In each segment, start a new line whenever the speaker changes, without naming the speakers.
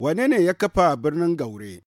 Wane ne ya kafa birnin Gaure?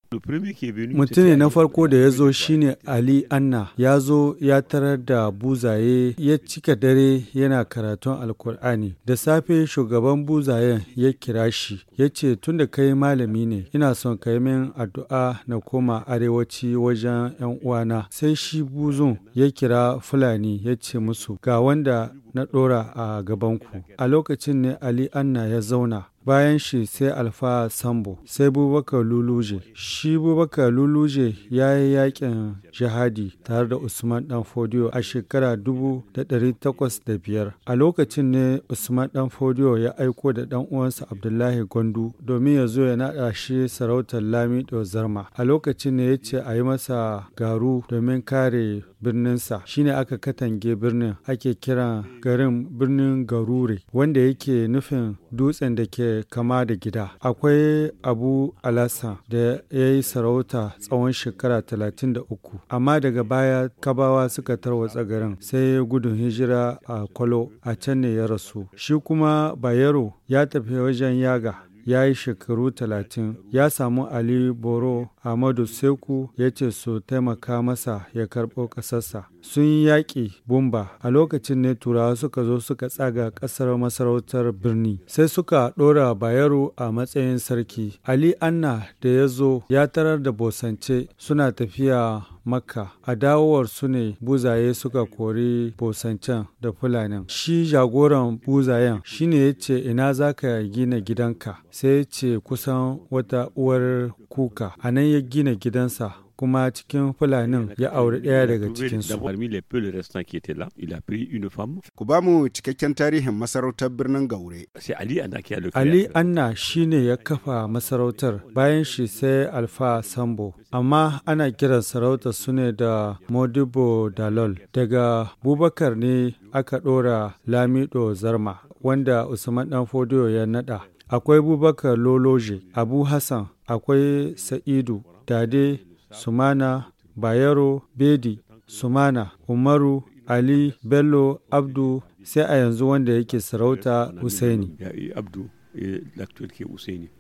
Mutum ne na farko da ya zo shine Ali Anna, ya zo ya tarar da buzaye ya cika dare yana karatun Alkur'ani. Da safe shugaban buzayen ya kira shi, ya ce tun da kai malami ne, ina son ka yi min addu'a na koma arewaci wajen 'yan uwana. Sai shi buzun ya kira Fulani ya ce musu, ga wanda na ɗora a gabanku. A lokacin ne Ali Anna ya zauna. bayan shi sai alfa sambo sai bubakar luluje shi bubakar luluje ya yi yakin jihadi tare da usman dan fodiyo a shekara 1805 a lokacin ne usman dan fodiyo ya aiko da dan uwansa abdullahi gwandu domin ya zo ya naɗa shi sarautar lamido zarma a lokacin ne ya ce a yi masa garu domin kare birninsa shine aka katange birnin ake kiran garin birnin garure wanda yake nufin dutsen da ke kama da gida. Akwai Abu Alasa da ya yi sarauta tsawon shekara 33, amma daga baya kabawa suka tarwatsa garin sai gudun hijira a Kwalo a can ne ya rasu. Shi kuma Bayero ya tafi wajen Yaga ya yi shekaru talatin ya samu ali boro ahmadu seku ya ce su taimaka masa ya karɓo ƙasarsa sun yi yaƙi bumba a lokacin ne turawa suka zo suka tsaga ƙasar masarautar birni sai suka ɗora bayero a matsayin sarki ali anna da ya zo ya tarar da bosance suna tafiya makka a dawowar su ne buzaye suka kori bosancen da fulanin shi jagoran buzayen shine ya ce ina za ka gina gidanka sai ce kusan wata uwar kuka a nan ya gina gidansa kuma cikin fulanin ya auri ɗaya daga su. Ku ba mu cikakken tarihin masarautar birnin Gaure. Ali Anna shi ya kafa masarautar bayan shi sai Alfa Sambo, amma ana kiran sarautar su ne da Modibo Dalol. Daga Bubakar ne aka ɗora Lamido Zarma, wanda Usman Danfodiyo ya naɗa. akwai Bubakar Loloje, Abu Hassan, akwai Sa'idu, Dade, Sumana, Bayero, Bedi, Sumana, Umaru, Ali, Bello, Abdu, sai a yanzu wanda yake sarauta Usaini. Eh,